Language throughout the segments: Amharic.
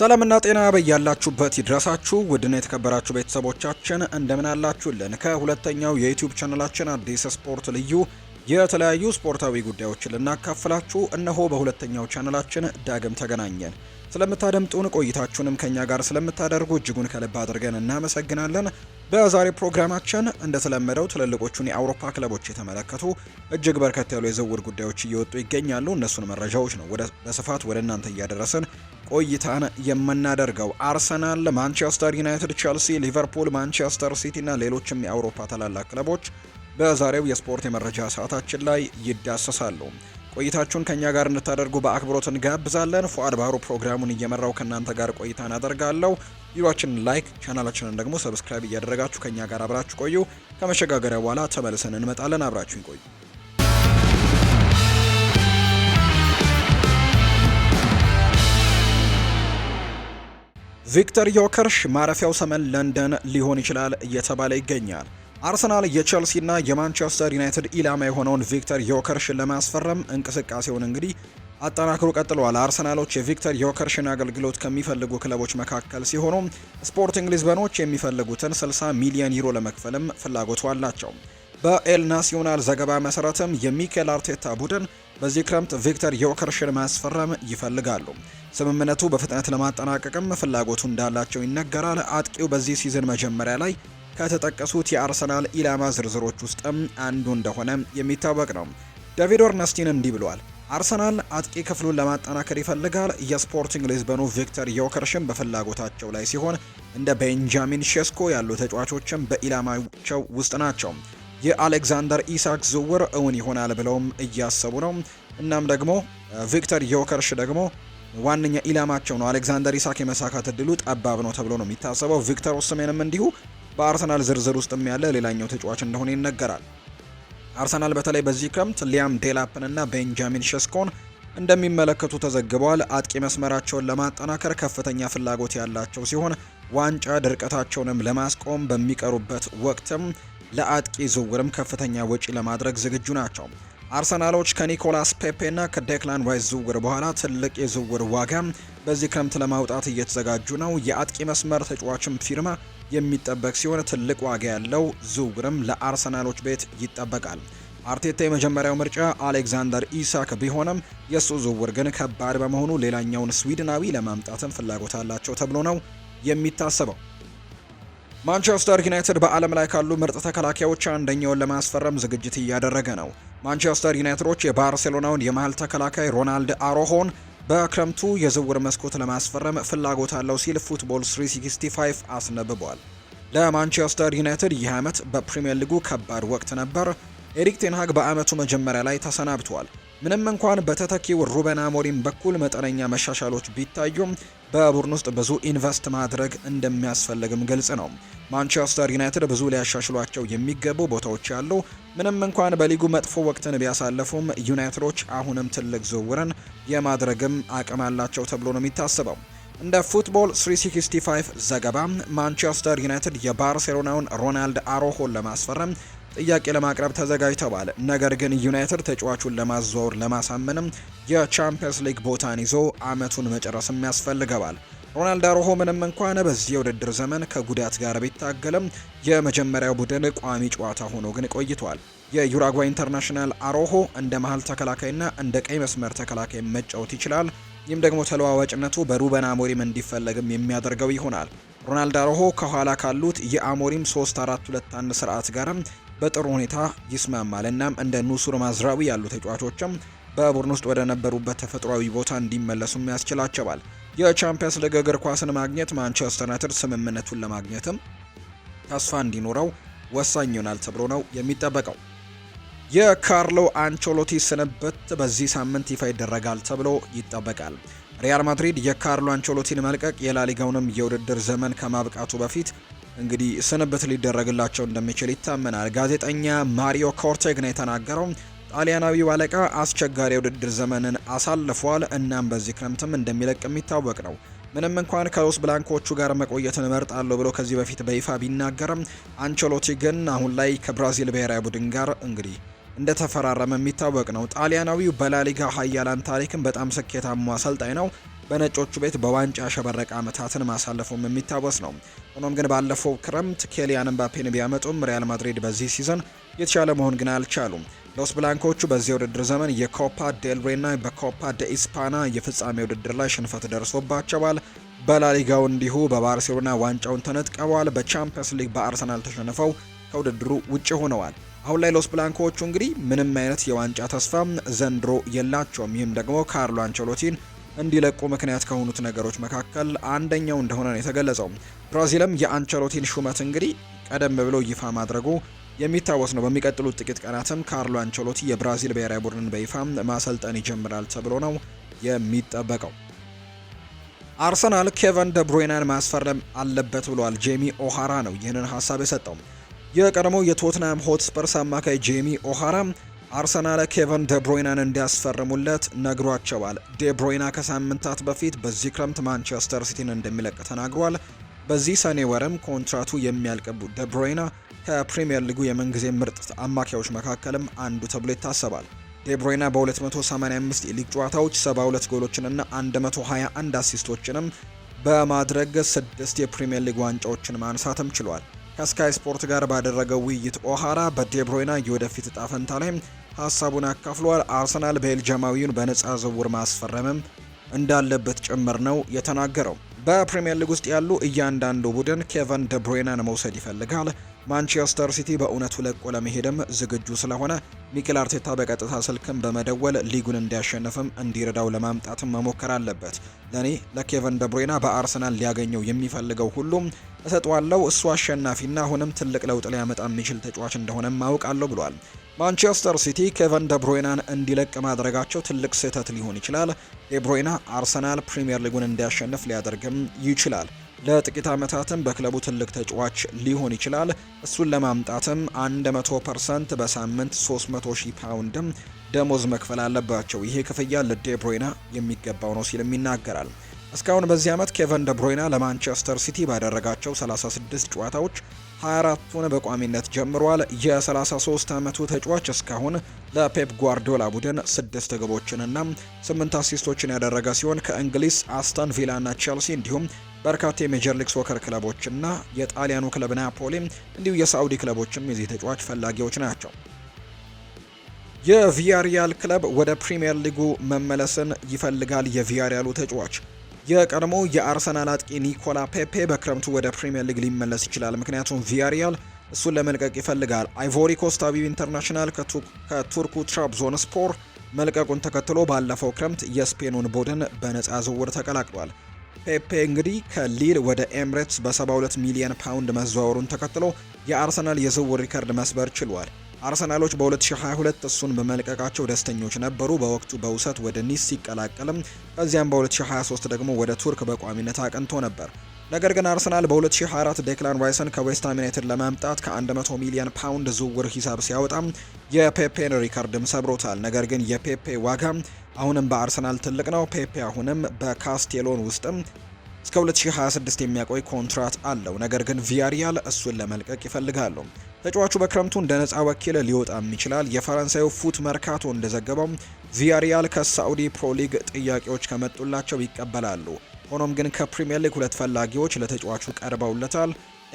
ሰላምና ጤና በያላችሁበት ይድረሳችሁ። ውድን የተከበራችሁ ቤተሰቦቻችን እንደምን አላችሁልን? ከሁለተኛው የዩቲዩብ ቻናላችን አዲስ ስፖርት ልዩ የተለያዩ ስፖርታዊ ጉዳዮችን ልናካፍላችሁ እነሆ በሁለተኛው ቻናላችን ዳግም ተገናኘን። ስለምታደምጡን ቆይታችሁንም ከኛ ጋር ስለምታደርጉ እጅጉን ከልብ አድርገን እናመሰግናለን። በዛሬ ፕሮግራማችን እንደተለመደው ትልልቆቹን የአውሮፓ ክለቦች የተመለከቱ እጅግ በርከት ያሉ የዝውውር ጉዳዮች እየወጡ ይገኛሉ። እነሱን መረጃዎች ነው በስፋት ወደ እናንተ እያደረስን ቆይታን የምናደርገው። አርሰናል፣ ማንቸስተር ዩናይትድ፣ ቸልሲ፣ ሊቨርፑል፣ ማንቸስተር ሲቲ እና ሌሎችም የአውሮፓ ታላላቅ ክለቦች በዛሬው የስፖርት የመረጃ ሰዓታችን ላይ ይዳሰሳሉ። ቆይታችሁን ከእኛ ጋር እንድታደርጉ በአክብሮት እንጋብዛለን። ፉአድ ባህሩ ፕሮግራሙን እየመራው ከእናንተ ጋር ቆይታ እናደርጋለሁ። ቪዲዮችንን ላይክ፣ ቻናላችንን ደግሞ ሰብስክራይብ እያደረጋችሁ ከእኛ ጋር አብራችሁ ቆዩ። ከመሸጋገሪያ በኋላ ተመልሰን እንመጣለን። አብራችሁን ቆዩ። ቪክተር ዮከርሽ ማረፊያው ሰሜን ለንደን ሊሆን ይችላል እየተባለ ይገኛል። አርሰናል የቼልሲና የማንቸስተር ዩናይትድ ኢላማ የሆነውን ቪክተር ዮከርሽን ለማስፈረም እንቅስቃሴውን እንግዲህ አጠናክሮ ቀጥለዋል። አርሰናሎች የቪክተር ዮከርሽን አገልግሎት ከሚፈልጉ ክለቦች መካከል ሲሆኑ ስፖርቲንግ ሊዝበኖች የሚፈልጉትን 60 ሚሊዮን ዩሮ ለመክፈልም ፍላጎቱ አላቸው። በኤል ናሲዮናል ዘገባ መሰረትም የሚኬል አርቴታ ቡድን በዚህ ክረምት ቪክተር ዮከርሽን ማስፈረም ይፈልጋሉ። ስምምነቱ በፍጥነት ለማጠናቀቅም ፍላጎቱ እንዳላቸው ይነገራል። አጥቂው በዚህ ሲዝን መጀመሪያ ላይ ከተጠቀሱት የአርሰናል ኢላማ ዝርዝሮች ውስጥም አንዱ እንደሆነ የሚታወቅ ነው። ዳቪድ ኦርነስቲን እንዲህ ብሏል። አርሰናል አጥቂ ክፍሉን ለማጠናከር ይፈልጋል። የስፖርቲንግ ሊዝበኑ ቪክተር ዮከርሽን በፍላጎታቸው ላይ ሲሆን እንደ ቤንጃሚን ሼስኮ ያሉ ተጫዋቾችም በኢላማቸው ውስጥ ናቸው። የአሌክዛንደር ኢሳክ ዝውውር እውን ይሆናል ብለውም እያሰቡ ነው። እናም ደግሞ ቪክተር ዮከርሽ ደግሞ ዋነኛ ኢላማቸው ነው። አሌክዛንደር ኢሳክ የመሳካት እድሉ ጠባብ ነው ተብሎ ነው የሚታሰበው። ቪክተር ኦስሜንም እንዲሁ በአርሰናል ዝርዝር ውስጥም ያለ ሌላኛው ተጫዋች እንደሆነ ይነገራል። አርሰናል በተለይ በዚህ ክረምት ሊያም እና ቤንጃሚን ሸስኮን እንደሚመለከቱ ተዘግበዋል። አጥቂ መስመራቸውን ለማጠናከር ከፍተኛ ፍላጎት ያላቸው ሲሆን ዋንጫ ድርቀታቸውንም ለማስቆም በሚቀሩበት ወቅትም ለአጥቂ ዝውውርም ከፍተኛ ወጪ ለማድረግ ዝግጁ ናቸው። አርሰናሎች ከኒኮላስ ፔፔና ከዴክላን ዋይስ ዝውውር በኋላ ትልቅ የዝውውር ዋጋ በዚህ ክረምት ለማውጣት እየተዘጋጁ ነው። የአጥቂ መስመር ተጫዋችም ፊርማ የሚጠበቅ ሲሆን ትልቅ ዋጋ ያለው ዝውውርም ለአርሰናሎች ቤት ይጠበቃል። አርቴታ የመጀመሪያው ምርጫ አሌክዛንደር ኢሳክ ቢሆንም የእሱ ዝውውር ግን ከባድ በመሆኑ ሌላኛውን ስዊድናዊ ለማምጣትም ፍላጎት አላቸው ተብሎ ነው የሚታሰበው። ማንቸስተር ዩናይትድ በዓለም ላይ ካሉ ምርጥ ተከላካዮች አንደኛውን ለማስፈረም ዝግጅት እያደረገ ነው። ማንቸስተር ዩናይትዶች የባርሴሎናውን የመሃል ተከላካይ ሮናልድ አሮሆን በክረምቱ የዝውውር መስኮት ለማስፈረም ፍላጎት አለው ሲል ፉትቦል 365 አስነብቧል። ለማንቸስተር ዩናይትድ ይህ ዓመት በፕሪምየር ሊጉ ከባድ ወቅት ነበር። ኤሪክ ቴንሃግ በዓመቱ መጀመሪያ ላይ ተሰናብቷል። ምንም እንኳን በተተኪው ሩበን አሞሪም በኩል መጠነኛ መሻሻሎች ቢታዩም በቡድን ውስጥ ብዙ ኢንቨስት ማድረግ እንደሚያስፈልግም ግልጽ ነው። ማንቸስተር ዩናይትድ ብዙ ሊያሻሽሏቸው የሚገቡ ቦታዎች አሉ ምንም እንኳን በሊጉ መጥፎ ወቅትን ቢያሳለፉም ዩናይትዶች አሁንም ትልቅ ዝውውርን የማድረግም አቅም አላቸው ተብሎ ነው የሚታሰበው። እንደ ፉትቦል 365 ዘገባ ማንቸስተር ዩናይትድ የባርሴሎናውን ሮናልድ አሮሆን ለማስፈረም ጥያቄ ለማቅረብ ተዘጋጅተዋል። ነገር ግን ዩናይትድ ተጫዋቹን ለማዘዋወር ለማሳመንም የቻምፒየንስ ሊግ ቦታን ይዞ አመቱን መጨረስም ያስፈልገዋል። ሮናልድ አሮሆ ምንም እንኳን በዚህ የውድድር ዘመን ከጉዳት ጋር ቢታገልም የመጀመሪያው ቡድን ቋሚ ጨዋታ ሆኖ ግን ቆይቷል። የዩራጓይ ኢንተርናሽናል አሮሆ እንደ መሀል ተከላካይና እንደ ቀይ መስመር ተከላካይ መጫወት ይችላል። ይህም ደግሞ ተለዋዋጭነቱ በሩበን አሞሪም እንዲፈለግም የሚያደርገው ይሆናል። ሮናልድ አሮሆ ከኋላ ካሉት የአሞሪም 3421 4 ስርዓት ጋርም በጥሩ ሁኔታ ይስማማል። እናም እንደ ኑሱር ማዝራዊ ያሉ ተጫዋቾችም በቡድን ውስጥ ወደ ነበሩበት ተፈጥሯዊ ቦታ እንዲመለሱም ያስችላቸዋል። የቻምፒየንስ ሊግ እግር ኳስን ማግኘት ማንቸስተር ዩናይትድ ስምምነቱን ለማግኘትም ተስፋ እንዲኖረው ወሳኝ ይሆናል ተብሎ ነው የሚጠበቀው። የካርሎ አንቸሎቲ ስንብት በዚህ ሳምንት ይፋ ይደረጋል ተብሎ ይጠበቃል። ሪያል ማድሪድ የካርሎ አንቸሎቲን መልቀቅ የላሊጋውንም የውድድር ዘመን ከማብቃቱ በፊት እንግዲህ ስንብት ሊደረግላቸው እንደሚችል ይታመናል። ጋዜጠኛ ማሪዮ ኮርቴግ ነው የተናገረው። ጣሊያናዊው አለቃ አስቸጋሪ የውድድር ዘመንን አሳልፏል፣ እናም በዚህ ክረምትም እንደሚለቅ የሚታወቅ ነው። ምንም እንኳን ከሎስ ብላንኮቹ ጋር መቆየትን እመርጣለሁ ብሎ ከዚህ በፊት በይፋ ቢናገርም አንቸሎቲ ግን አሁን ላይ ከብራዚል ብሔራዊ ቡድን ጋር እንግዲህ እንደተፈራረመ የሚታወቅ ነው። ጣሊያናዊው በላሊጋ ሀያላን ታሪክን በጣም ስኬታማ አሰልጣኝ ነው። በነጮቹ ቤት በዋንጫ ያሸበረቀ ዓመታትን ማሳለፉም የሚታወስ ነው። ሆኖም ግን ባለፈው ክረምት ኬሊያን ምባፔን ቢያመጡም ሪያል ማድሪድ በዚህ ሲዘን የተሻለ መሆን ግን አልቻሉም። ሎስ ብላንኮቹ በዚህ ውድድር ዘመን የኮፓ ዴልሬና በኮፓ ደኢስፓና የፍጻሜ ውድድር ላይ ሽንፈት ደርሶባቸዋል። በላሊጋው እንዲሁ በባርሴሎና ዋንጫውን ተነጥቀዋል። በቻምፒየንስ ሊግ በአርሰናል ተሸንፈው ከውድድሩ ውጭ ሆነዋል። አሁን ላይ ሎስ ብላንኮዎቹ እንግዲህ ምንም አይነት የዋንጫ ተስፋ ዘንድሮ የላቸውም። ይህም ደግሞ ካርሎ አንቸሎቲን እንዲለቁ ምክንያት ከሆኑት ነገሮች መካከል አንደኛው እንደሆነ ነው የተገለጸው። ብራዚልም የአንቸሎቲን ሹመት እንግዲህ ቀደም ብሎ ይፋ ማድረጉ የሚታወስ ነው። በሚቀጥሉት ጥቂት ቀናትም ካርሎ አንቸሎቲ የብራዚል ብሔራዊ ቡድንን በይፋ ማሰልጠን ይጀምራል ተብሎ ነው የሚጠበቀው። አርሰናል ኬቨን ደብሩይናን ማስፈረም አለበት ብሏል። ጄሚ ኦሃራ ነው ይህንን ሀሳብ የሰጠው። የቀድሞው የቶትናም ሆትስፐርስ አማካይ ጄሚ ኦሃራ አርሰናል ኬቨን ደብሮይናን እንዲያስፈርሙለት ነግሯቸዋል። ደብሮይና ከሳምንታት በፊት በዚህ ክረምት ማንቸስተር ሲቲን እንደሚለቅ ተናግሯል። በዚህ ሰኔ ወርም ኮንትራቱ የሚያልቅቡ ደብሮይና ከፕሪምየር ሊጉ የምንጊዜ ምርጥ አማካዮች መካከልም አንዱ ተብሎ ይታሰባል። ዴብሮይና በ285 የሊግ ጨዋታዎች 72 ጎሎችንና 121 አሲስቶችንም በማድረግ ስድስት የፕሪምየር ሊግ ዋንጫዎችን ማንሳትም ችሏል። ከስካይ ስፖርት ጋር ባደረገው ውይይት ኦሃራ በዴብሮይና የወደፊት እጣ ፈንታ ላይ ሀሳቡን አካፍሏል። አርሰናል ቤልጅማዊውን በነፃ ዝውውር ማስፈረምም እንዳለበት ጭምር ነው የተናገረው። በፕሪምየር ሊግ ውስጥ ያሉ እያንዳንዱ ቡድን ኬቨን ደብሮይናን መውሰድ ይፈልጋል። ማንቸስተር ሲቲ በእውነቱ ለቆ ለመሄድም ዝግጁ ስለሆነ ሚኬል አርቴታ በቀጥታ ስልክም በመደወል ሊጉን እንዲያሸንፍም እንዲረዳው ለማምጣትም መሞከር አለበት። ለእኔ ለኬቨን ደብሮይና በአርሰናል ሊያገኘው የሚፈልገው ሁሉም እሰጧለው። እሱ አሸናፊና አሁንም ትልቅ ለውጥ ሊያመጣ የሚችል ተጫዋች እንደሆነም ማውቃለሁ ብሏል። ማንቸስተር ሲቲ ኬቨን ደብሮይናን እንዲለቅ ማድረጋቸው ትልቅ ስህተት ሊሆን ይችላል። ደብሮይና አርሰናል ፕሪምየር ሊጉን እንዲያሸንፍ ሊያደርግም ይችላል። ለጥቂት ዓመታትም በክለቡ ትልቅ ተጫዋች ሊሆን ይችላል። እሱን ለማምጣትም 100% በሳምንት 300 ሺህ ፓውንድም ደሞዝ መክፈል አለባቸው። ይሄ ክፍያ ለዴብሮይና የሚገባው ነው ሲልም ይናገራል። እስካሁን በዚህ ዓመት ኬቨን ደብሮይና ለማንቸስተር ሲቲ ባደረጋቸው 36 ጨዋታዎች 24ቱን በቋሚነት ጀምሯል። የ33 ዓመቱ ተጫዋች እስካሁን ለፔፕ ጓርዲዮላ ቡድን 6 ግቦችንና ስምንት አሲስቶችን ያደረገ ሲሆን ከእንግሊዝ አስተን ቪላና ቼልሲ እንዲሁም በርካታ የሜጀር ሊግ ሶከር ክለቦችና የጣሊያኑ ክለብ ናፖሊ እንዲሁ የሳዑዲ ክለቦችም የዚህ ተጫዋች ፈላጊዎች ናቸው። የቪያሪያል ክለብ ወደ ፕሪምየር ሊጉ መመለስን ይፈልጋል። የቪያሪያሉ ተጫዋች የቀድሞ የአርሰናል አጥቂ ኒኮላ ፔፔ በክረምቱ ወደ ፕሪምየር ሊግ ሊመለስ ይችላል፣ ምክንያቱም ቪያሪያል እሱን ለመልቀቅ ይፈልጋል። አይቮሪ አቢብ ኢንተርናሽናል ከቱርኩ ትራብዞን ስፖር መልቀቁን ተከትሎ ባለፈው ክረምት የስፔኑን ቡድን በነፃ ዝውውር ተቀላቅሏል። ፔፔ እንግዲህ ከሊል ወደ ኤምሬትስ በ72 ሚሊዮን ፓውንድ መዘዋወሩን ተከትሎ የአርሰናል የዝውውር ሪከርድ መስበር ችሏል። አርሰናሎች በ2022 እሱን በመልቀቃቸው ደስተኞች ነበሩ። በወቅቱ በውሰት ወደ ኒስ ሲቀላቀልም ከዚያም በ2023 ደግሞ ወደ ቱርክ በቋሚነት አቅንቶ ነበር። ነገር ግን አርሰናል በ2024 ዴክላን ራይሰን ከዌስትሃም ዩናይትድ ለማምጣት ከ100 ሚሊዮን ፓውንድ ዝውውር ሂሳብ ሲያወጣ የፔፔን ሪከርድም ሰብሮታል። ነገር ግን የፔፔ ዋጋ አሁንም በአርሰናል ትልቅ ነው። ፔፔ አሁንም በካስቴሎን ውስጥም እስከ 2026 የሚያቆይ ኮንትራት አለው። ነገር ግን ቪያሪያል እሱን ለመልቀቅ ይፈልጋሉ። ተጫዋቹ በክረምቱ እንደ ነፃ ወኪል ሊወጣም ይችላል። የፈረንሳዩ ፉት መርካቶ እንደዘገበው ቪያሪያል ከሳዑዲ ፕሮሊግ ጥያቄዎች ከመጡላቸው ይቀበላሉ። ሆኖም ግን ከፕሪምየር ሊግ ሁለት ፈላጊዎች ለተጫዋቹ ቀርበውለታል።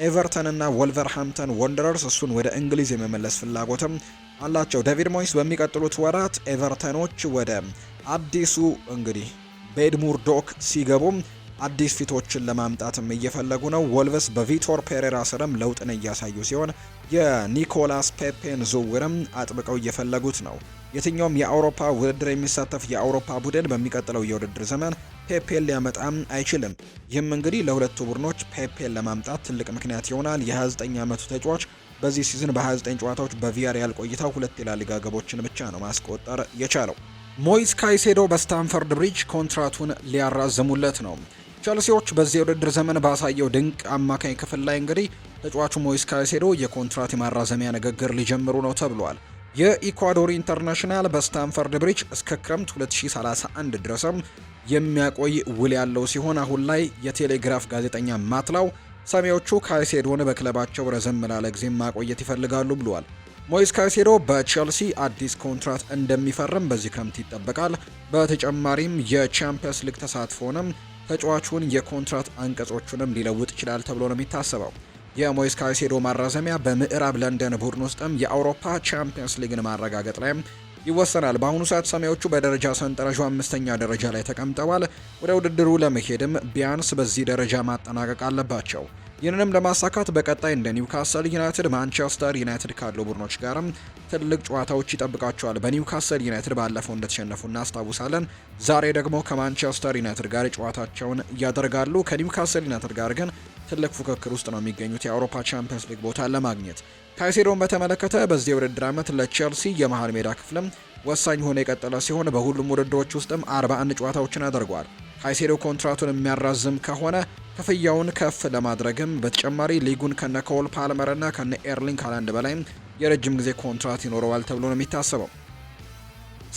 ኤቨርተን እና ወልቨርሃምተን ወንደረርስ እሱን ወደ እንግሊዝ የመመለስ ፍላጎትም አላቸው። ዴቪድ ሞይስ በሚቀጥሉት ወራት ኤቨርተኖች ወደ አዲሱ እንግዲህ ቤድሙር ዶክ ሲገቡም አዲስ ፊቶችን ለማምጣትም እየፈለጉ ነው። ወልቨስ በቪቶር ፔሬራ ስርም ለውጥን እያሳዩ ሲሆን የኒኮላስ ፔፔን ዝውውርም አጥብቀው እየፈለጉት ነው። የትኛውም የአውሮፓ ውድድር የሚሳተፍ የአውሮፓ ቡድን በሚቀጥለው የውድድር ዘመን ፔፔን ሊያመጣም አይችልም። ይህም እንግዲህ ለሁለቱ ቡድኖች ፔፔን ለማምጣት ትልቅ ምክንያት ይሆናል። የ29 ዓመቱ ተጫዋች በዚህ ሲዝን በ29 ጨዋታዎች በቪያሪያል ቆይታው ሁለት የላሊጋ ገቦችን ብቻ ነው ማስቆጠር የቻለው። ሞይስ ካይሴዶ በስታንፈርድ ብሪጅ ኮንትራቱን ሊያራዝሙለት ነው። ቸልሲዎች በዚህ የውድድር ዘመን ባሳየው ድንቅ አማካኝ ክፍል ላይ እንግዲህ ተጫዋቹ ሞይስ ካይሴዶ የኮንትራት የማራዘሚያ ንግግር ሊጀምሩ ነው ተብሏል። የኢኳዶር ኢንተርናሽናል በስታንፈርድ ብሪጅ እስከ ክረምት 2031 ድረስም የሚያቆይ ውል ያለው ሲሆን አሁን ላይ የቴሌግራፍ ጋዜጠኛ ማትላው ሰሜዎቹ ካይሴዶን በክለባቸው ረዘም ላለ ጊዜ ማቆየት ይፈልጋሉ ብሏል። ሞይስ ካይሴዶ በቼልሲ አዲስ ኮንትራት እንደሚፈርም በዚህ ክረምት ይጠበቃል። በተጨማሪም የቻምፒየንስ ሊግ ተሳትፎንም ተጫዋቹን የኮንትራት አንቀጾቹንም ሊለውጥ ይችላል ተብሎ ነው የሚታሰበው። የሞይስ ካይሴዶ ማራዘሚያ በምዕራብ ለንደን ቡድን ውስጥም የአውሮፓ ቻምፒየንስ ሊግን ማረጋገጥ ላይ ይወሰናል። በአሁኑ ሰዓት ሰማያዊዎቹ በደረጃ ሰንጠረዡ አምስተኛ ደረጃ ላይ ተቀምጠዋል። ወደ ውድድሩ ለመሄድም ቢያንስ በዚህ ደረጃ ማጠናቀቅ አለባቸው። ይህንንም ለማሳካት በቀጣይ እንደ ኒውካስል ዩናይትድ፣ ማንቸስተር ዩናይትድ ካሉ ቡድኖች ጋርም ትልቅ ጨዋታዎች ይጠብቃቸዋል። በኒውካስል ዩናይትድ ባለፈው እንደተሸነፉ እናስታውሳለን። ዛሬ ደግሞ ከማንቸስተር ዩናይትድ ጋር ጨዋታቸውን ያደርጋሉ። ከኒውካስል ዩናይትድ ጋር ግን ትልቅ ፉክክር ውስጥ ነው የሚገኙት የአውሮፓ ቻምፒየንስ ሊግ ቦታ ለማግኘት። ካይሴዶን በተመለከተ በዚህ የውድድር ዓመት ለቼልሲ የመሃል ሜዳ ክፍልም ወሳኝ ሆኖ የቀጠለ ሲሆን በሁሉም ውድድሮች ውስጥም 41 ጨዋታዎችን አድርጓል። ካይሴዶ ኮንትራቱን የሚያራዝም ከሆነ ክፍያውን ከፍ ለማድረግም በተጨማሪ ሊጉን ከነ ኮል ፓልመርና ከነ ኤርሊንግ ሃላንድ በላይም የረጅም ጊዜ ኮንትራት ይኖረዋል ተብሎ ነው የሚታሰበው።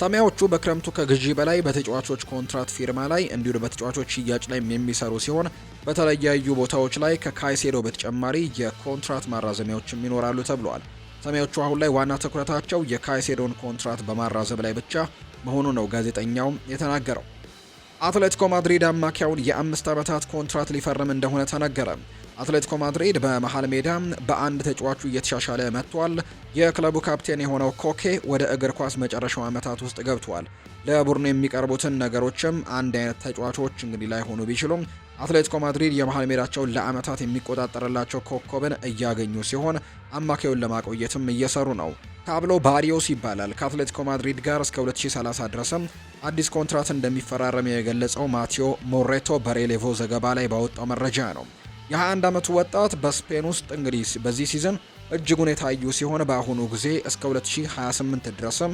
ሰማያዎቹ በክረምቱ ከግዢ በላይ በተጫዋቾች ኮንትራት ፊርማ ላይ እንዲሁ በተጫዋቾች ሽያጭ ላይ የሚሰሩ ሲሆን በተለያዩ ቦታዎች ላይ ከካይሴዶ በተጨማሪ የኮንትራት ማራዘሚያዎችም ይኖራሉ ተብሏል። ሰማያዎቹ አሁን ላይ ዋና ትኩረታቸው የካይሴዶን ኮንትራት በማራዘም ላይ ብቻ መሆኑ ነው ጋዜጠኛውም የተናገረው። አትሌቲኮ ማድሪድ አማካዩን የአምስት ዓመታት ኮንትራት ሊፈርም እንደሆነ ተነገረ። አትሌቲኮ ማድሪድ በመሃል ሜዳ በአንድ ተጫዋቹ እየተሻሻለ መጥቷል። የክለቡ ካፕቴን የሆነው ኮኬ ወደ እግር ኳስ መጨረሻው ዓመታት ውስጥ ገብቷል። ለቡድኑ የሚቀርቡትን ነገሮችም አንድ አይነት ተጫዋቾች እንግዲህ ላይሆኑ ቢችሉም አትሌቲኮ ማድሪድ የመሃል ሜዳቸውን ለዓመታት የሚቆጣጠርላቸው ኮከብን እያገኙ ሲሆን አማካዩን ለማቆየትም እየሰሩ ነው። ታብሎ ባሪዮስ ይባላል። ከአትሌቲኮ ማድሪድ ጋር እስከ 2030 ድረስም አዲስ ኮንትራት እንደሚፈራረም የገለጸው ማቴዮ ሞሬቶ በሬሌቮ ዘገባ ላይ ባወጣው መረጃ ነው። የ21 ዓመቱ ወጣት በስፔን ውስጥ እንግዲህ በዚህ ሲዝን እጅጉን የታዩ ሲሆን በአሁኑ ጊዜ እስከ 2028 ድረስም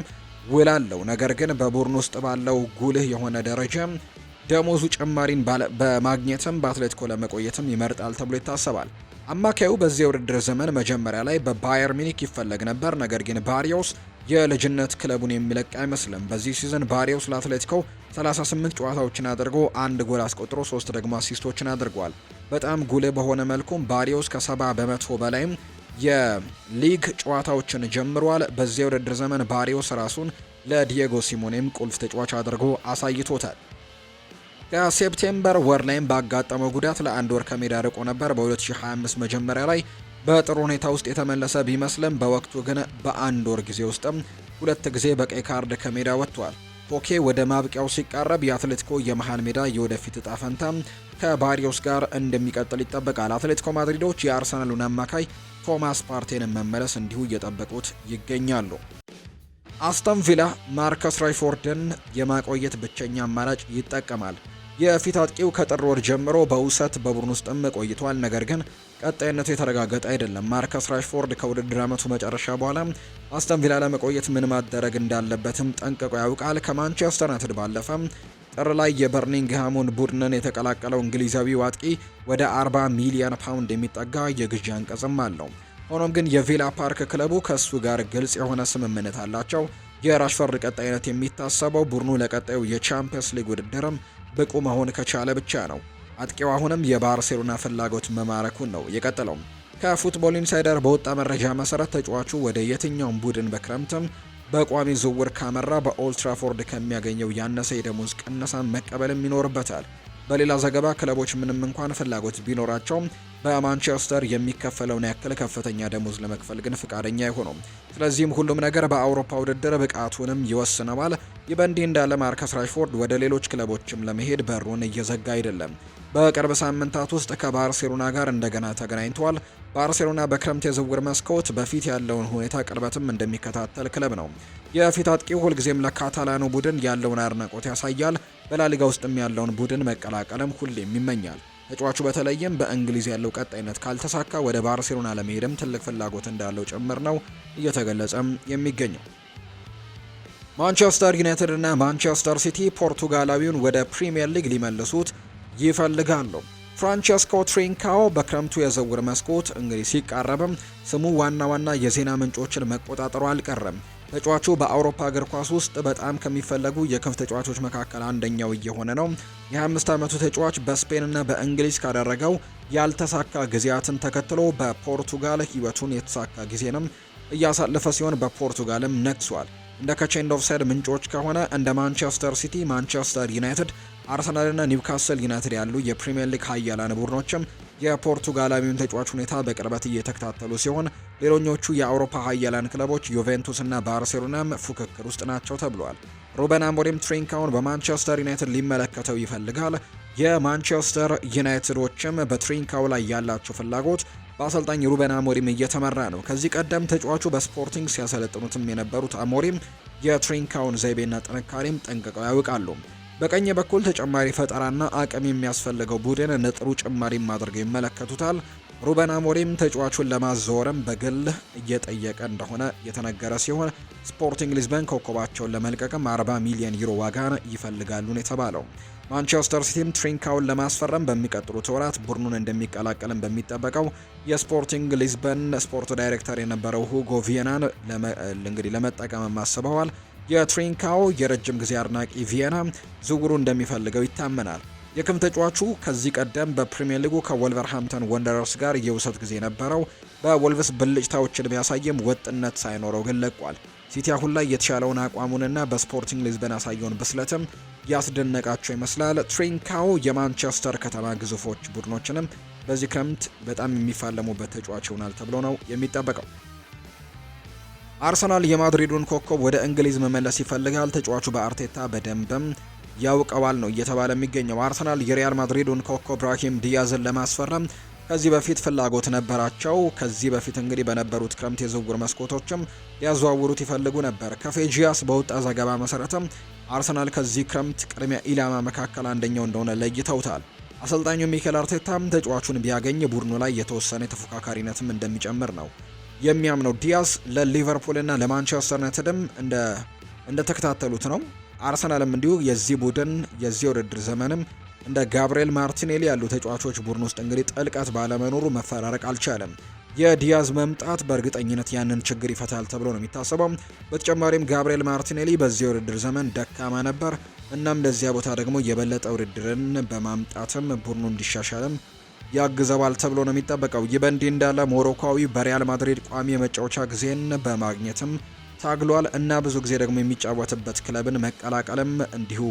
ውል አለው። ነገር ግን በቡድን ውስጥ ባለው ጉልህ የሆነ ደረጃ ደሞዙ ጭማሪን በማግኘትም በአትሌቲኮ ለመቆየትም ይመርጣል ተብሎ ይታሰባል። አማካዩ በዚህ የውድድር ዘመን መጀመሪያ ላይ በባየር ሚኒክ ይፈለግ ነበር፣ ነገር ግን ባሪዮስ የልጅነት ክለቡን የሚለቅ አይመስልም። በዚህ ሲዝን ባሪዮስ ለአትሌቲኮ 38 ጨዋታዎችን አድርጎ አንድ ጎል አስቆጥሮ ሶስት ደግሞ አሲስቶችን አድርጓል። በጣም ጉልህ በሆነ መልኩም ባሪዮስ ከ70 በመቶ በላይም የሊግ ጨዋታዎችን ጀምሯል። በዚህ የውድድር ዘመን ባሪዮስ ራሱን ለዲየጎ ሲሞኔም ቁልፍ ተጫዋች አድርጎ አሳይቶታል። ከሴፕቴምበር ወር ላይም ባጋጠመው ጉዳት ለአንድ ወር ከሜዳ ርቆ ነበር። በ2025 መጀመሪያ ላይ በጥሩ ሁኔታ ውስጥ የተመለሰ ቢመስልም በወቅቱ ግን በአንድ ወር ጊዜ ውስጥም ሁለት ጊዜ በቀይ ካርድ ከሜዳ ወጥቷል። ፖኬ ወደ ማብቂያው ሲቃረብ የአትሌቲኮ የመሃል ሜዳ የወደፊት እጣ ፈንታ ከባሪዮስ ጋር እንደሚቀጥል ይጠበቃል። አትሌቲኮ ማድሪዶች የአርሰናሉን አማካይ ቶማስ ፓርቴንን መመለስ እንዲሁ እየጠበቁት ይገኛሉ። አስተን ቪላ ማርከስ ራይፎርድን የማቆየት ብቸኛ አማራጭ ይጠቀማል። የፊት አጥቂው ከጥር ወር ጀምሮ በውሰት በቡድን ውስጥም ቆይቷል። ነገር ግን ቀጣይነቱ የተረጋገጠ አይደለም። ማርከስ ራሽፎርድ ከውድድር ዓመቱ መጨረሻ በኋላ አስተን ቪላ ለመቆየት ምን ማደረግ እንዳለበትም ጠንቅቆ ያውቃል። ከማንቸስተር ዩናይትድ ባለፈ ጥር ላይ የበርኒንግሃሙን ቡድንን የተቀላቀለው እንግሊዛዊው አጥቂ ወደ 40 ሚሊዮን ፓውንድ የሚጠጋ የግዢ አንቀጽም አለው። ሆኖም ግን የቪላ ፓርክ ክለቡ ከእሱ ጋር ግልጽ የሆነ ስምምነት አላቸው። የራሽፈርድ ቀጣይነት የሚታሰበው ቡድኑ ለቀጣዩ የቻምፒየንስ ሊግ ውድድርም ብቁ መሆን ከቻለ ብቻ ነው። አጥቂው አሁንም የባርሴሎና ፍላጎት መማረኩን ነው የቀጠለው። ከፉትቦል ኢንሳይደር በወጣ መረጃ መሰረት ተጫዋቹ ወደ የትኛውም ቡድን በክረምትም በቋሚ ዝውውር ካመራ በኦልትራፎርድ ከሚያገኘው ያነሰ የደሞዝ ቅነሳን መቀበልም ይኖርበታል። በሌላ ዘገባ ክለቦች ምንም እንኳን ፍላጎት ቢኖራቸው በማንቸስተር የሚከፈለውን ያክል ከፍተኛ ደሞዝ ለመክፈል ግን ፍቃደኛ አይሆኑም። ስለዚህም ሁሉም ነገር በአውሮፓ ውድድር ብቃቱንም ይወስነዋል። ይህ በእንዲህ እንዳለ ማርከስ ራሽፎርድ ወደ ሌሎች ክለቦችም ለመሄድ በሩን እየዘጋ አይደለም። በቅርብ ሳምንታት ውስጥ ከባርሴሎና ጋር እንደገና ተገናኝቷል። ባርሴሎና በክረምት የዝውውር መስኮት በፊት ያለውን ሁኔታ ቅርበትም እንደሚከታተል ክለብ ነው። የፊት አጥቂው ሁልጊዜም ለካታላኑ ቡድን ያለውን አድናቆት ያሳያል። በላሊጋ ውስጥም ያለውን ቡድን መቀላቀልም ሁሌም ይመኛል። ተጫዋቹ በተለይም በእንግሊዝ ያለው ቀጣይነት ካልተሳካ ወደ ባርሴሎና ለመሄድም ትልቅ ፍላጎት እንዳለው ጭምር ነው እየተገለጸም የሚገኘው። ማንቸስተር ዩናይትድ እና ማንቸስተር ሲቲ ፖርቱጋላዊውን ወደ ፕሪምየር ሊግ ሊመልሱት ይፈልጋሉ። ፍራንቸስኮ ትሪንካው በክረምቱ የዝውውር መስኮት እንግዲህ ሲቃረብም ስሙ ዋና ዋና የዜና ምንጮችን መቆጣጠሩ አልቀረም። ተጫዋቹ በአውሮፓ እግር ኳስ ውስጥ በጣም ከሚፈለጉ የክንፍ ተጫዋቾች መካከል አንደኛው እየሆነ ነው። የ25 ዓመቱ ተጫዋች በስፔንና በእንግሊዝ ካደረገው ያልተሳካ ጊዜያትን ተከትሎ በፖርቱጋል ሕይወቱን የተሳካ ጊዜንም እያሳለፈ ሲሆን በፖርቱጋልም ነግሷል። እንደ ከቼንድ ሳይድ ምንጮች ከሆነ እንደ ማንቸስተር ሲቲ፣ ማንቸስተር ዩናይትድ አርሰናልና ኒውካስል ዩናይትድ ያሉ የፕሪምየር ሊግ ሀያላን ቡድኖችም የፖርቱጋላዊውን ተጫዋች ሁኔታ በቅርበት እየተከታተሉ ሲሆን ሌሎኞቹ የአውሮፓ ሀያላን ክለቦች ዩቬንቱስና ባርሴሎናም ፉክክር ውስጥ ናቸው ተብሏል። ሩበን አሞሪም ትሪንካውን በማንቸስተር ዩናይትድ ሊመለከተው ይፈልጋል። የማንቸስተር ዩናይትዶችም በትሪንካው ላይ ያላቸው ፍላጎት በአሰልጣኝ ሩበን አሞሪም እየተመራ ነው። ከዚህ ቀደም ተጫዋቹ በስፖርቲንግ ሲያሰለጥኑትም የነበሩት አሞሪም የትሪንካውን ዘይቤና ጥንካሬም ጠንቅቀው ያውቃሉ። በቀኝ በኩል ተጨማሪ ፈጠራና አቅም የሚያስፈልገው ቡድን ንጥሩ ጭማሪም አድርገው ይመለከቱታል። ሩበን አሞሪም ተጫዋቹን ለማዘወርም በግል እየጠየቀ እንደሆነ የተነገረ ሲሆን ስፖርቲንግ ሊዝበን ኮከባቸውን ለመልቀቅም 40 ሚሊዮን ዩሮ ዋጋን ይፈልጋሉ ነው የተባለው። ማንቸስተር ሲቲም ትሪንካውን ለማስፈረም በሚቀጥሉት ወራት ቡድኑን እንደሚቀላቀልም በሚጠበቀው የስፖርቲንግ ሊዝበን ስፖርት ዳይሬክተር የነበረው ሁጎ ቪየናን እንግዲህ ለመጠቀምም አስበዋል። የትሪንካው የረጅም ጊዜ አድናቂ ቪየና ዝውውሩ እንደሚፈልገው ይታመናል። የክም ተጫዋቹ ከዚህ ቀደም በፕሪምየር ሊጉ ከወልቨርሃምፕተን ወንደረርስ ጋር የውሰት ጊዜ ነበረው። በወልቭስ ብልጭታዎችን ቢያሳየም ወጥነት ሳይኖረው ግን ለቋል። ሲቲ አሁን ላይ የተሻለውን አቋሙንና በስፖርቲንግ ሊዝበን ያሳየውን ብስለትም ያስደነቃቸው ይመስላል። ትሪንካው የማንቸስተር ከተማ ግዙፎች ቡድኖችንም በዚህ ክረምት በጣም የሚፋለሙበት ተጫዋች ይሆናል ተብሎ ነው የሚጠበቀው። አርሰናል የማድሪዱን ኮከብ ወደ እንግሊዝ መመለስ ይፈልጋል። ተጫዋቹ በአርቴታ በደንብም ያውቀዋል ነው እየተባለ የሚገኘው። አርሰናል የሪያል ማድሪዱን ኮከብ ብራሂም ዲያዝን ለማስፈረም ከዚህ በፊት ፍላጎት ነበራቸው። ከዚህ በፊት እንግዲህ በነበሩት ክረምት የዝውውር መስኮቶችም ሊያዘዋውሩት ይፈልጉ ነበር። ከፌጂያስ በወጣ ዘገባ መሰረትም አርሰናል ከዚህ ክረምት ቅድሚያ ኢላማ መካከል አንደኛው እንደሆነ ለይተውታል። አሰልጣኙ ሚኬል አርቴታም ተጫዋቹን ቢያገኝ ቡድኑ ላይ የተወሰነ ተፎካካሪነትም እንደሚጨምር ነው የሚያምነው ለሊቨርፑል ለሊቨርፑልና ለማንቸስተር ዩናይትድም እንደ እንደተከታተሉት ነው። አርሰናልም እንዲሁ የዚህ ቡድን የዚህ ውድድር ዘመንም እንደ ጋብሪኤል ማርቲኔሊ ያሉ ተጫዋቾች ቡድን ውስጥ እንግዲህ ጥልቀት ባለመኖሩ መፈራረቅ አልቻለም። የዲያዝ መምጣት በእርግጠኝነት ያንን ችግር ይፈታል ተብሎ ነው የሚታሰበው። በተጨማሪም ጋብሪኤል ማርቲኔሊ በዚህ ውድድር ዘመን ደካማ ነበር። እናም ለዚያ ቦታ ደግሞ የበለጠ ውድድርን በማምጣትም ቡድኑ እንዲሻሻልም ያግዘዋል ተብሎ ነው የሚጠበቀው። ይህ በእንዲህ እንዳለ ሞሮኮዊ በሪያል ማድሪድ ቋሚ የመጫወቻ ጊዜን በማግኘትም ታግሏል እና ብዙ ጊዜ ደግሞ የሚጫወትበት ክለብን መቀላቀልም እንዲሁ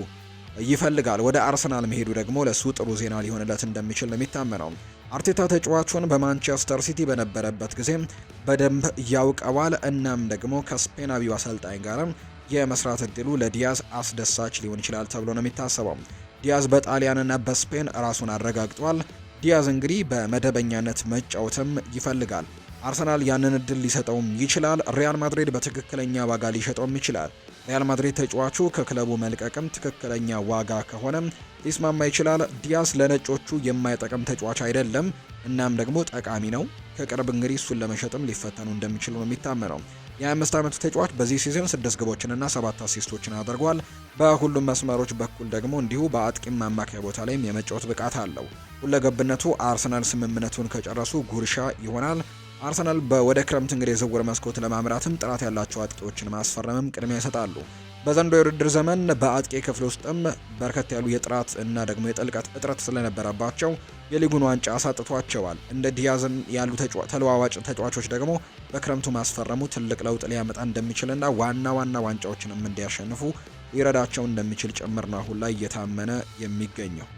ይፈልጋል። ወደ አርሰናል መሄዱ ደግሞ ለሱ ጥሩ ዜና ሊሆንለት እንደሚችል ነው የሚታመነው። አርቴታ ተጫዋቹን በማንቸስተር ሲቲ በነበረበት ጊዜ በደንብ ያውቀዋል። እናም ደግሞ ከስፔናዊው አሰልጣኝ ጋርም የመስራት እድሉ ለዲያዝ አስደሳች ሊሆን ይችላል ተብሎ ነው የሚታሰበው። ዲያዝ በጣሊያንና በስፔን ራሱን አረጋግጧል። ዲያዝ እንግዲህ በመደበኛነት መጫወትም ይፈልጋል። አርሰናል ያንን እድል ሊሰጠውም ይችላል። ሪያል ማድሪድ በትክክለኛ ዋጋ ሊሸጠውም ይችላል። ሪያል ማድሪድ ተጫዋቹ ከክለቡ መልቀቅም ትክክለኛ ዋጋ ከሆነም ሊስማማ ይችላል። ዲያስ ለነጮቹ የማይጠቅም ተጫዋች አይደለም፣ እናም ደግሞ ጠቃሚ ነው። ከቅርብ እንግዲህ እሱን ለመሸጥም ሊፈተኑ እንደሚችሉ ነው የሚታመነው። የአምስት ዓመቱ ተጫዋች በዚህ ሲዝን ስድስት ግቦችንና ሰባት አሲስቶችን አድርጓል። በሁሉም መስመሮች በኩል ደግሞ እንዲሁ በአጥቂም ማማካያ ቦታ ላይም የመጫወት ብቃት አለው። ሁለገብነቱ አርሰናል ስምምነቱን ከጨረሱ ጉርሻ ይሆናል። አርሰናል ወደ ክረምት እንግዲህ የዝውውር መስኮት ለማምራትም ጥራት ያላቸው አጥቂዎችን ማስፈረምም ቅድሚያ ይሰጣሉ። በዘንዶ የውድድር ዘመን በአጥቂ ክፍል ውስጥም በርከት ያሉ የጥራት እና ደግሞ የጥልቀት እጥረት ስለነበረባቸው የሊጉን ዋንጫ አሳጥቷቸዋል። እንደ ዲያዝን ያሉ ተለዋዋጭ ተጫዋቾች ደግሞ በክረምቱ ማስፈረሙ ትልቅ ለውጥ ሊያመጣ እንደሚችልና ዋና ዋና ዋንጫዎችንም እንዲያሸንፉ ሊረዳቸው እንደሚችል ጭምር ነው አሁን ላይ እየታመነ የሚገኘው።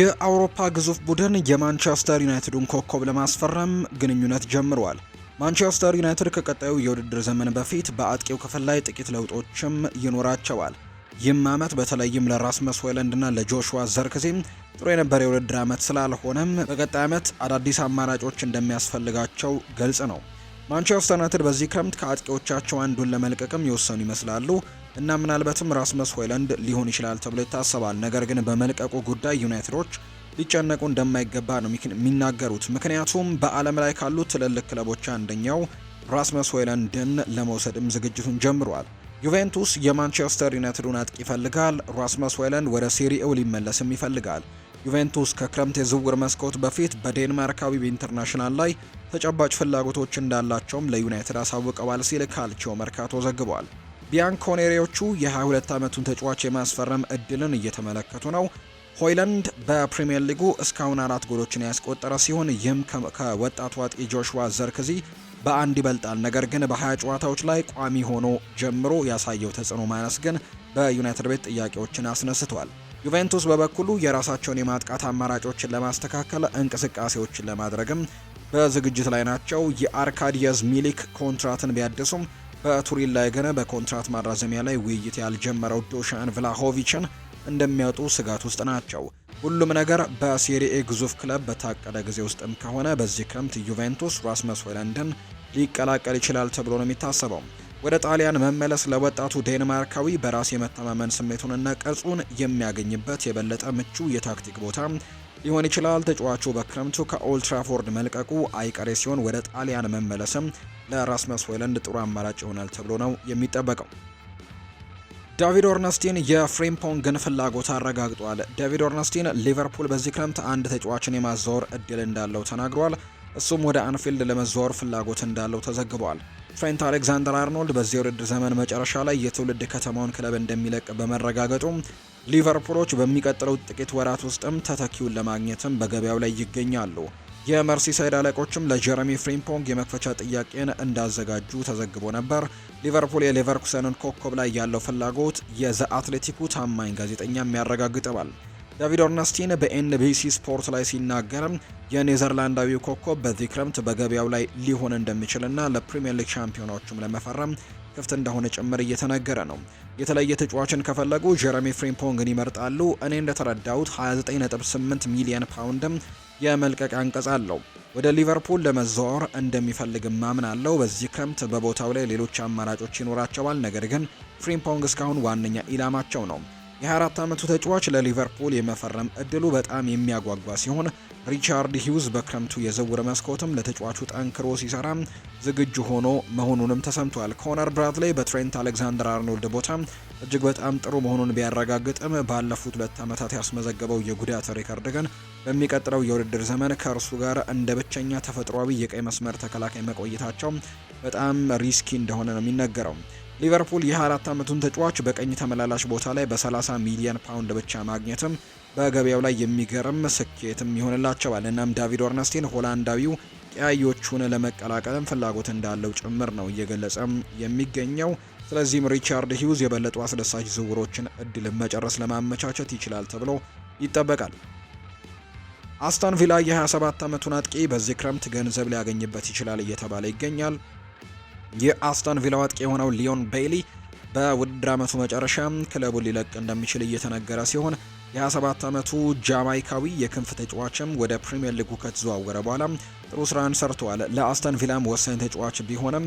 የአውሮፓ ግዙፍ ቡድን የማንቸስተር ዩናይትዱን ኮከብ ለማስፈረም ግንኙነት ጀምሯል። ማንቸስተር ዩናይትድ ከቀጣዩ የውድድር ዘመን በፊት በአጥቂው ክፍል ላይ ጥቂት ለውጦችም ይኖራቸዋል። ይህም ዓመት በተለይም ለራስመስ ሆይለንድና ለጆሹዋ ዘርክዜ ጥሩ የነበረ የውድድር ዓመት ስላልሆነም በቀጣይ ዓመት አዳዲስ አማራጮች እንደሚያስፈልጋቸው ግልጽ ነው። ማንቸስተር ዩናይትድ በዚህ ክረምት ከአጥቂዎቻቸው አንዱን ለመልቀቅም የወሰኑ ይመስላሉ እና ምናልባትም ራስመስ ሆይለንድ ሊሆን ይችላል ተብሎ ይታሰባል። ነገር ግን በመልቀቁ ጉዳይ ዩናይትዶች ሊጨነቁ እንደማይገባ ነው የሚናገሩት። ምክንያቱም በዓለም ላይ ካሉ ትልልቅ ክለቦች አንደኛው ራስመስ ሆይለንድን ለመውሰድም ዝግጅቱን ጀምሯል። ዩቬንቱስ የማንቸስተር ዩናይትዱን አጥቂ ይፈልጋል። ራስመስ ሆይለንድ ወደ ሴሪኤው ሊመለስም ይፈልጋል። ዩቬንቱስ ከክረምት የዝውውር መስኮት በፊት በዴንማርካዊ ኢንተርናሽናል ላይ ተጨባጭ ፍላጎቶች እንዳላቸውም ለዩናይትድ አሳውቀዋል ሲል ካልቺዮ መርካቶ ዘግቧል። ቢያንኮኔሪዎቹ የ22 ዓመቱን ተጫዋች የማስፈረም እድልን እየተመለከቱ ነው። ሆይላንድ በፕሪምየር ሊጉ እስካሁን አራት ጎሎችን ያስቆጠረ ሲሆን ይህም ከወጣቱ አጥቂ ጆሽዋ ዘርክዚ በአንድ ይበልጣል። ነገር ግን በሀያ ጨዋታዎች ላይ ቋሚ ሆኖ ጀምሮ ያሳየው ተጽዕኖ ማነስ ግን በዩናይትድ ቤት ጥያቄዎችን አስነስቷል። ዩቬንቱስ በበኩሉ የራሳቸውን የማጥቃት አማራጮችን ለማስተካከል እንቅስቃሴዎችን ለማድረግም በዝግጅት ላይ ናቸው። የአርካዲየዝ ሚሊክ ኮንትራትን ቢያድሱም በቱሪን ላይ ግን በኮንትራት ማራዘሚያ ላይ ውይይት ያልጀመረው ዶሻን ቭላሆቪችን እንደሚያጡ ስጋት ውስጥ ናቸው። ሁሉም ነገር በሴሪኤ ግዙፍ ክለብ በታቀደ ጊዜ ውስጥም ከሆነ በዚህ ክረምት ዩቬንቱስ ራስመስ ሆይለንድን ሊቀላቀል ይችላል ተብሎ ነው የሚታሰበው። ወደ ጣሊያን መመለስ ለወጣቱ ዴንማርካዊ በራስ የመተማመን ስሜቱንና ቅርጹን የሚያገኝበት የበለጠ ምቹ የታክቲክ ቦታ ሊሆን ይችላል። ተጫዋቹ በክረምቱ ከኦልትራፎርድ መልቀቁ አይቀሬ ሲሆን ወደ ጣሊያን መመለስም ለራስመስ ሆይለንድ ጥሩ አማራጭ ይሆናል ተብሎ ነው የሚጠበቀው። ዳቪድ ኦርነስቲን የፍሬምፖንግን ፍላጎት አረጋግጧል። ዳቪድ ኦርነስቲን ሊቨርፑል በዚህ ክረምት አንድ ተጫዋችን የማዛወር እድል እንዳለው ተናግሯል። እሱም ወደ አንፊልድ ለመዛወር ፍላጎት እንዳለው ተዘግቧል። ትሬንት አሌክዛንደር አርኖልድ በዚህ ውድድር ዘመን መጨረሻ ላይ የትውልድ ከተማውን ክለብ እንደሚለቅ በመረጋገጡ ሊቨርፑሎች በሚቀጥለው ጥቂት ወራት ውስጥም ተተኪውን ለማግኘትም በገበያው ላይ ይገኛሉ። የመርሲሳይድ አለቆችም ለጀረሚ ፍሪምፖንግ የመክፈቻ ጥያቄን እንዳዘጋጁ ተዘግቦ ነበር። ሊቨርፑል የሌቨርኩሰንን ኮከብ ላይ ያለው ፍላጎት የዘ አትሌቲኩ ታማኝ ጋዜጠኛም ያረጋግጠዋል። ዳቪድ ኦርነስቲን በኤንቢሲ ስፖርት ላይ ሲናገርም የኔዘርላንዳዊው ኮከብ በዚህ ክረምት በገበያው ላይ ሊሆን እንደሚችልና ለፕሪምየር ሊግ ሻምፒዮናዎቹም ለመፈረም ክፍት እንደሆነ ጭምር እየተነገረ ነው። የተለየ ተጫዋችን ከፈለጉ ጀረሚ ፍሪምፖንግን ይመርጣሉ። እኔ እንደተረዳሁት 29.8 ሚሊየን ፓውንድም የመልቀቅ አንቀጽ አለው። ወደ ሊቨርፑል ለመዘዋወር እንደሚፈልግም አምናለው። በዚህ ክረምት በቦታው ላይ ሌሎች አማራጮች ይኖራቸዋል። ነገር ግን ፍሪምፖንግ እስካሁን ዋነኛ ኢላማቸው ነው። የ24 ዓመቱ ተጫዋች ለሊቨርፑል የመፈረም እድሉ በጣም የሚያጓጓ ሲሆን ሪቻርድ ሂውዝ በክረምቱ የዝውውር መስኮትም ለተጫዋቹ ጠንክሮ ሲሰራ ዝግጁ ሆኖ መሆኑንም ተሰምቷል። ኮነር ብራድሌይ በትሬንት አሌክዛንደር አርኖልድ ቦታ እጅግ በጣም ጥሩ መሆኑን ቢያረጋግጥም ባለፉት ሁለት ዓመታት ያስመዘገበው የጉዳት ሪከርድ ግን በሚቀጥለው የውድድር ዘመን ከእርሱ ጋር እንደ ብቸኛ ተፈጥሯዊ የቀይ መስመር ተከላካይ መቆየታቸው በጣም ሪስኪ እንደሆነ ነው የሚነገረው። ሊቨርፑል የ24 ዓመቱን ተጫዋች በቀኝ ተመላላሽ ቦታ ላይ በ30 ሚሊዮን ፓውንድ ብቻ ማግኘትም በገበያው ላይ የሚገርም ስኬትም ይሆንላቸዋል። እናም ዳቪድ ኦርነስቲን ሆላንዳዊው ቀያዮቹን ለመቀላቀልም ፍላጎት እንዳለው ጭምር ነው እየገለጸም የሚገኘው። ስለዚህም ሪቻርድ ሂውዝ የበለጡ አስደሳች ዝውሮችን እድል መጨረስ ለማመቻቸት ይችላል ተብሎ ይጠበቃል። አስተን ቪላ የ27 ዓመቱን አጥቂ በዚህ ክረምት ገንዘብ ሊያገኝበት ይችላል እየተባለ ይገኛል። የአስተን ቪላ አጥቂ የሆነው ሊዮን ቤይሊ በውድድር ዓመቱ መጨረሻ ክለቡን ሊለቅ እንደሚችል እየተነገረ ሲሆን የ27 ዓመቱ ጃማይካዊ የክንፍ ተጫዋችም ወደ ፕሪምየር ሊጉ ከተዘዋወረ በኋላ ጥሩ ስራን ሰርተዋል። ለአስተን ቪላም ወሳኝ ተጫዋች ቢሆንም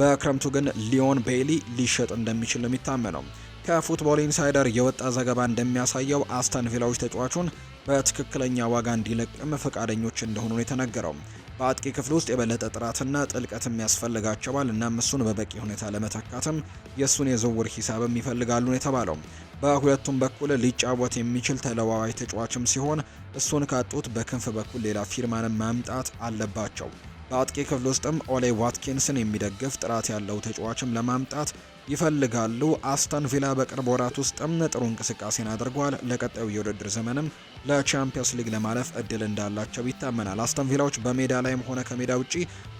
በክረምቱ ግን ሊዮን ቤይሊ ሊሸጥ እንደሚችል ነው የሚታመነው። ከፉትቦል ኢንሳይደር የወጣ ዘገባ እንደሚያሳየው አስተን ቪላዎች ተጫዋቹን በትክክለኛ ዋጋ እንዲለቅም ፈቃደኞች እንደሆኑ ነው የተነገረው። በአጥቂ ክፍል ውስጥ የበለጠ ጥራትና ጥልቀትም ያስፈልጋቸዋል። እናም እሱን በበቂ ሁኔታ ለመተካትም የእሱን የዝውውር ሂሳብም ይፈልጋሉ ነው የተባለው። በሁለቱም በኩል ሊጫወት የሚችል ተለዋዋይ ተጫዋችም ሲሆን እሱን ካጡት በክንፍ በኩል ሌላ ፊርማንም ማምጣት አለባቸው። በአጥቂ ክፍል ውስጥም ኦሌ ዋትኪንስን የሚደግፍ ጥራት ያለው ተጫዋችም ለማምጣት ይፈልጋሉ። አስተን ቪላ በቅርብ ወራት ውስጥም ጥሩ እንቅስቃሴን አድርጓል። ለቀጣዩ የውድድር ዘመንም ለቻምፒየንስ ሊግ ለማለፍ እድል እንዳላቸው ይታመናል። አስተን ቪላዎች በሜዳ ላይም ሆነ ከሜዳ ውጪ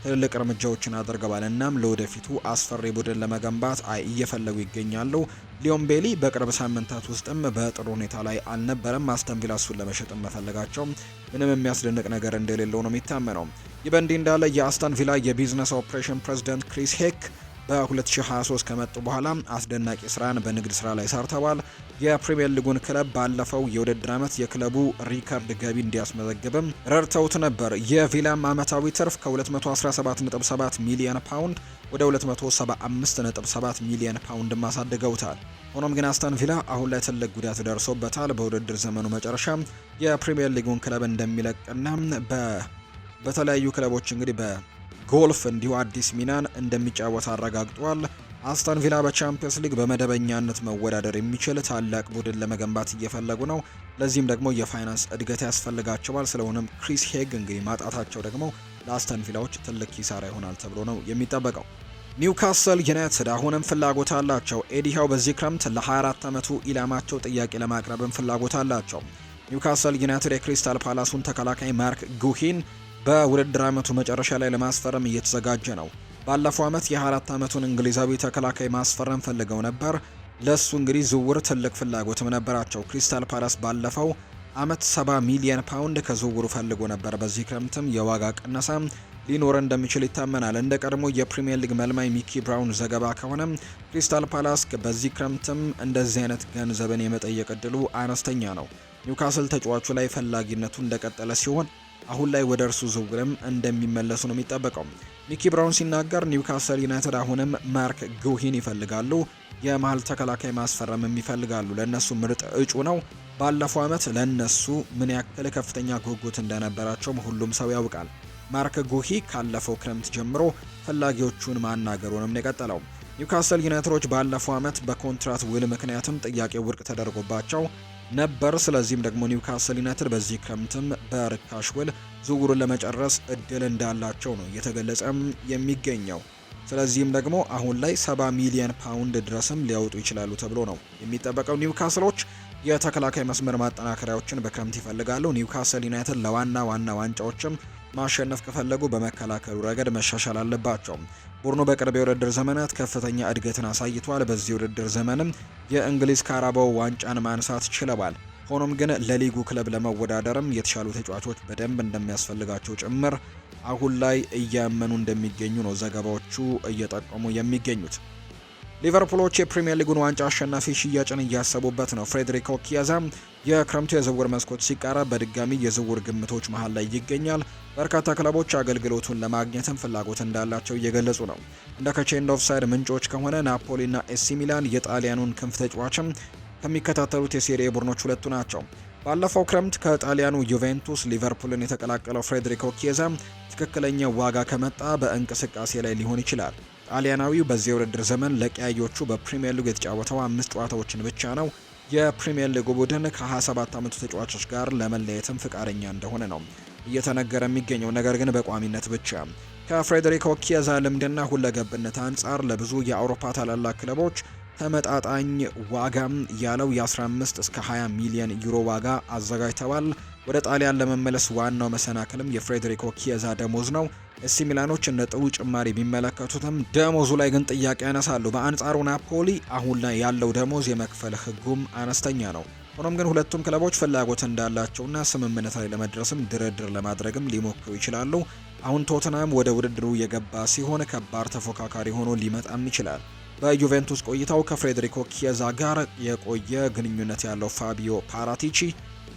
ትልልቅ እርምጃዎችን አድርገዋል። እናም ለወደፊቱ አስፈሪ ቡድን ለመገንባት እየፈለጉ ይገኛሉ። ሊዮን ቤሊ በቅርብ ሳምንታት ውስጥም በጥሩ ሁኔታ ላይ አልነበረም። አስተን ቪላ እሱን ለመሸጥ መፈለጋቸው ምንም የሚያስደንቅ ነገር እንደሌለው ነው የሚታመነው። ይህ በእንዲህ እንዳለ የአስተን ቪላ የቢዝነስ ኦፕሬሽን ፕሬዚደንት ክሪስ ሄክ በ2023 ከመጡ በኋላ አስደናቂ ስራን በንግድ ስራ ላይ ሰርተዋል። የፕሪሚየር ሊጉን ክለብ ባለፈው የውድድር ዓመት የክለቡ ሪከርድ ገቢ እንዲያስመዘግብም ረድተውት ነበር። የቪላም ዓመታዊ ትርፍ ከ217.7 ሚሊዮን ፓውንድ ወደ 275.7 ሚሊዮን ፓውንድ አሳድገውታል። ሆኖም ግን አስተን ቪላ አሁን ላይ ትልቅ ጉዳት ደርሶበታል። በውድድር ዘመኑ መጨረሻ የፕሪምየር ሊጉን ክለብ እንደሚለቅና በተለያዩ ክለቦች እንግዲህ በጎልፍ እንዲሁ አዲስ ሚናን እንደሚጫወት አረጋግጧል። አስተን ቪላ በቻምፒየንስ ሊግ በመደበኛነት መወዳደር የሚችል ታላቅ ቡድን ለመገንባት እየፈለጉ ነው። ለዚህም ደግሞ የፋይናንስ እድገት ያስፈልጋቸዋል። ስለሆነም ክሪስ ሄግ እንግዲህ ማጣታቸው ደግሞ ለአስተን ቪላዎች ትልቅ ኪሳራ ይሆናል ተብሎ ነው የሚጠበቀው። ኒውካስል ዩናይትድ አሁንም ፍላጎት አላቸው። ኤዲሃው በዚህ ክረምት ለ24 ዓመቱ ኢላማቸው ጥያቄ ለማቅረብም ፍላጎት አላቸው። ኒውካስል ዩናይትድ የክሪስታል ፓላሱን ተከላካይ ማርክ ጉሂን በውድድር ዓመቱ መጨረሻ ላይ ለማስፈረም እየተዘጋጀ ነው። ባለፈው ዓመት የ24 ዓመቱን እንግሊዛዊ ተከላካይ ማስፈረም ፈልገው ነበር። ለእሱ እንግዲህ ዝውውር ትልቅ ፍላጎትም ነበራቸው። ክሪስታል ፓላስ ባለፈው አመት 70 ሚሊየን ፓውንድ ከዝውውሩ ፈልጎ ነበር። በዚህ ክረምትም የዋጋ ቅነሳ ሊኖር እንደሚችል ይታመናል። እንደ ቀድሞ የፕሪምየር ሊግ መልማይ ሚኪ ብራውን ዘገባ ከሆነ ክሪስታል ፓላስ በዚህ ክረምትም እንደዚህ አይነት ገንዘብን የመጠየቅ እድሉ አነስተኛ ነው። ኒውካስል ተጫዋቹ ላይ ፈላጊነቱ እንደቀጠለ ሲሆን አሁን ላይ ወደ እርሱ ዝውውርም እንደሚመለሱ ነው የሚጠበቀው። ሚኪ ብራውን ሲናገር ኒውካስል ዩናይትድ አሁንም ማርክ ጉሂን ይፈልጋሉ፣ የመሀል ተከላካይ ማስፈረምም ይፈልጋሉ። ለእነሱ ምርጥ እጩ ነው ባለፈው ዓመት ለነሱ ምን ያክል ከፍተኛ ጉጉት እንደነበራቸውም ሁሉም ሰው ያውቃል። ማርክ ጉሂ ካለፈው ክረምት ጀምሮ ፈላጊዎቹን ማናገሩንም የቀጠለው። ኒውካስል ዩናይትዶች ባለፈው ዓመት በኮንትራት ውል ምክንያትም ጥያቄ ውድቅ ተደርጎባቸው ነበር። ስለዚህም ደግሞ ኒውካስል ዩናይትድ በዚህ ክረምትም በርካሽ ውል ዝውውሩን ለመጨረስ እድል እንዳላቸው ነው እየተገለጸም የሚገኘው። ስለዚህም ደግሞ አሁን ላይ 70 ሚሊዮን ፓውንድ ድረስም ሊያወጡ ይችላሉ ተብሎ ነው የሚጠበቀው። ኒውካስሎች የተከላካይ መስመር ማጠናከሪያዎችን በክረምት ይፈልጋሉ። ኒውካስል ዩናይትድ ለዋና ዋና ዋንጫዎችም ማሸነፍ ከፈለጉ በመከላከሉ ረገድ መሻሻል አለባቸው። ቡድኑ በቅርብ የውድድር ዘመናት ከፍተኛ እድገትን አሳይቷል። በዚህ ውድድር ዘመንም የእንግሊዝ ካራባው ዋንጫን ማንሳት ችለዋል። ሆኖም ግን ለሊጉ ክለብ ለመወዳደርም የተሻሉ ተጫዋቾች በደንብ እንደሚያስፈልጋቸው ጭምር አሁን ላይ እያመኑ እንደሚገኙ ነው ዘገባዎቹ እየጠቆሙ የሚገኙት። ሊቨርፑሎች የፕሪምየር ሊጉን ዋንጫ አሸናፊ ሽያጭን እያሰቡበት ነው። ፍሬድሪኮ ኪያዛ የክረምቱ የዝውውር መስኮት ሲቃረብ በድጋሚ የዝውውር ግምቶች መሀል ላይ ይገኛል። በርካታ ክለቦች አገልግሎቱን ለማግኘትም ፍላጎት እንዳላቸው እየገለጹ ነው። እንደ ከቼንድ ኦፍሳይድ ምንጮች ከሆነ ናፖሊና ኤሲ ሚላን የጣሊያኑን ክንፍ ተጫዋችም ከሚከታተሉት የሴሪ ቡድኖች ሁለቱ ናቸው። ባለፈው ክረምት ከጣሊያኑ ዩቬንቱስ ሊቨርፑልን የተቀላቀለው ፍሬድሪኮ ኪየዛ ትክክለኛ ዋጋ ከመጣ በእንቅስቃሴ ላይ ሊሆን ይችላል። ጣሊያናዊው በዚህ የውድድር ዘመን ለቀያዮቹ በፕሪምየር ሊግ የተጫወተው አምስት ጨዋታዎችን ብቻ ነው። የፕሪምየር ሊግ ቡድን ከ27 ዓመቱ ተጫዋቾች ጋር ለመለየትም ፍቃደኛ እንደሆነ ነው እየተነገረ የሚገኘው ነገር ግን በቋሚነት ብቻ ከፍሬዴሪኮ ኪያዛ ልምድና ሁለገብነት አንጻር ለብዙ የአውሮፓ ታላላቅ ክለቦች ተመጣጣኝ ዋጋም ያለው የ15 እስከ 20 ሚሊዮን ዩሮ ዋጋ አዘጋጅተዋል። ወደ ጣሊያን ለመመለስ ዋናው መሰናክልም የፍሬዴሪኮ ኪየዛ ደሞዝ ነው። እሲ ሚላኖች እንደ ጥሩ ጭማሪ ቢመለከቱትም ደሞዙ ላይ ግን ጥያቄ ያነሳሉ። በአንጻሩ ናፖሊ አሁን ላይ ያለው ደሞዝ የመክፈል ህጉም አነስተኛ ነው። ሆኖም ግን ሁለቱም ክለቦች ፍላጎት እንዳላቸውና ስምምነት ላይ ለመድረስም ድርድር ለማድረግም ሊሞክሩ ይችላሉ። አሁን ቶትናም ወደ ውድድሩ የገባ ሲሆን ከባድ ተፎካካሪ ሆኖ ሊመጣም ይችላል። በዩቬንቱስ ቆይታው ከፍሬዴሪኮ ኪየዛ ጋር የቆየ ግንኙነት ያለው ፋቢዮ ፓራቲቺ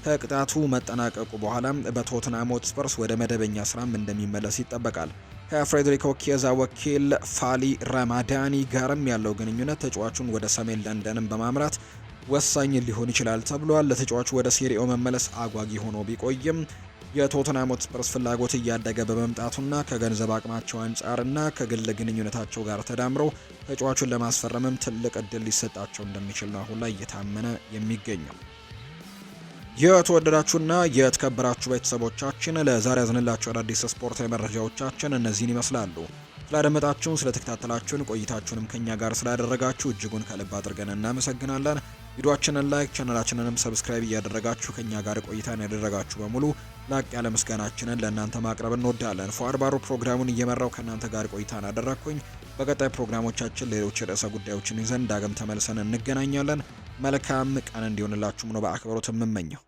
ከቅጣቱ መጠናቀቁ በኋላ በቶትናም ሆትስፐርስ ወደ መደበኛ ስራም እንደሚመለስ ይጠበቃል። ከፍሬዴሪኮ ኪየዛ ወኪል ፋሊ ረማዳኒ ጋርም ያለው ግንኙነት ተጫዋቹን ወደ ሰሜን ለንደንም በማምራት ወሳኝ ሊሆን ይችላል ተብሏል። ለተጫዋቹ ወደ ሴሪኦ መመለስ አጓጊ ሆኖ ቢቆይም የቶትናም ሆትስፐርስ ፍላጎት እያደገ በመምጣቱና ከገንዘብ አቅማቸው አንጻርና ከግል ግንኙነታቸው ጋር ተዳምረው ተጫዋቹን ለማስፈረምም ትልቅ እድል ሊሰጣቸው እንደሚችል ነው አሁን ላይ እየታመነ የሚገኘው። የተወደዳችሁና የተከበራችሁ ቤተሰቦቻችን ለዛሬ ያዝንላችሁ አዳዲስ ስፖርታዊ መረጃዎቻችን እነዚህን ይመስላሉ። ስላደመጣችሁን፣ ስለተከታተላችሁን ቆይታችሁንም ከኛ ጋር ስላደረጋችሁ እጅጉን ከልብ አድርገን እናመሰግናለን። ቪዲዮአችንን ላይክ ቻናላችንንም ሰብስክራይብ እያደረጋችሁ ከኛ ጋር ቆይታን ያደረጋችሁ በሙሉ ላቅ ያለ ምስጋናችንን ለእናንተ ማቅረብ እንወዳለን። ፏር ፕሮግራሙን እየመራው ከእናንተ ጋር ቆይታን አደረግኩኝ። በቀጣይ ፕሮግራሞቻችን ሌሎች ርዕሰ ጉዳዮችን ይዘን ዳግም ተመልሰን እንገናኛለን። መልካም ቀን እንዲሆንላችሁም ነው በአክብሮት የምመኘው።